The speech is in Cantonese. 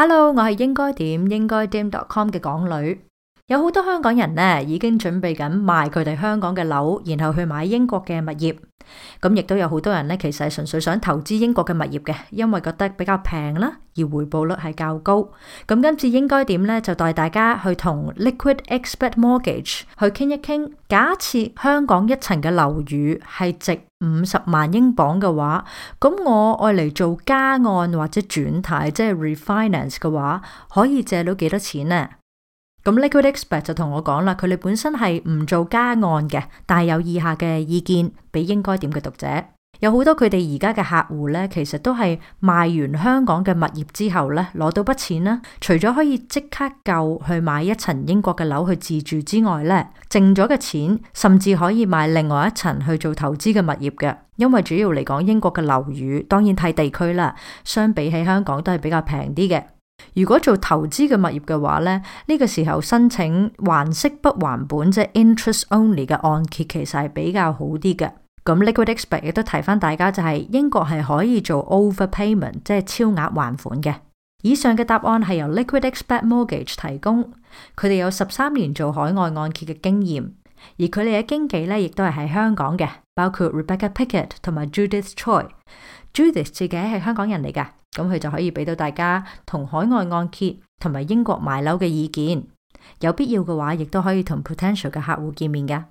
Hello，我係應該點應該 dim.com 嘅港女，有好多香港人呢已經準備緊賣佢哋香港嘅樓，然後去買英國嘅物業。咁亦都有好多人呢，其實係純粹想投資英國嘅物業嘅，因為覺得比較平啦，而回報率係較高。咁今次應該點呢？就帶大家去同 Liquid Expert Mortgage 去傾一傾，假設香港一層嘅樓宇係值五十萬英鎊嘅話，咁我愛嚟做加按或者轉貸，即係 refinance 嘅話，可以借到幾多錢呢？咁 Liquid Expert 就同我講啦，佢哋本身係唔做加案嘅，但係有以下嘅意見俾應該點嘅讀者。有好多佢哋而家嘅客戶咧，其實都係賣完香港嘅物業之後咧，攞到筆錢啦。除咗可以即刻夠去買一層英國嘅樓去自住之外咧，剩咗嘅錢甚至可以買另外一層去做投資嘅物業嘅。因為主要嚟講，英國嘅樓宇當然睇地區啦，相比起香港都係比較平啲嘅。如果做投資嘅物業嘅話咧，呢、這個時候申請還息不還本即係、就是、interest only 嘅按揭，其實係比較好啲嘅。咁 Liquid Expert 亦都提翻大家就係、是、英國係可以做 overpayment，即係超額還款嘅。以上嘅答案係由 Liquid Expert Mortgage 提供，佢哋有十三年做海外按揭嘅經驗，而佢哋嘅經紀咧亦都係喺香港嘅，包括 Rebecca Pickett 同埋 Judith Choi Judith 自己係香港人嚟嘅。咁佢就可以俾到大家同海外按揭同埋英國買樓嘅意見，有必要嘅話，亦都可以同 potential 嘅客戶見面㗎。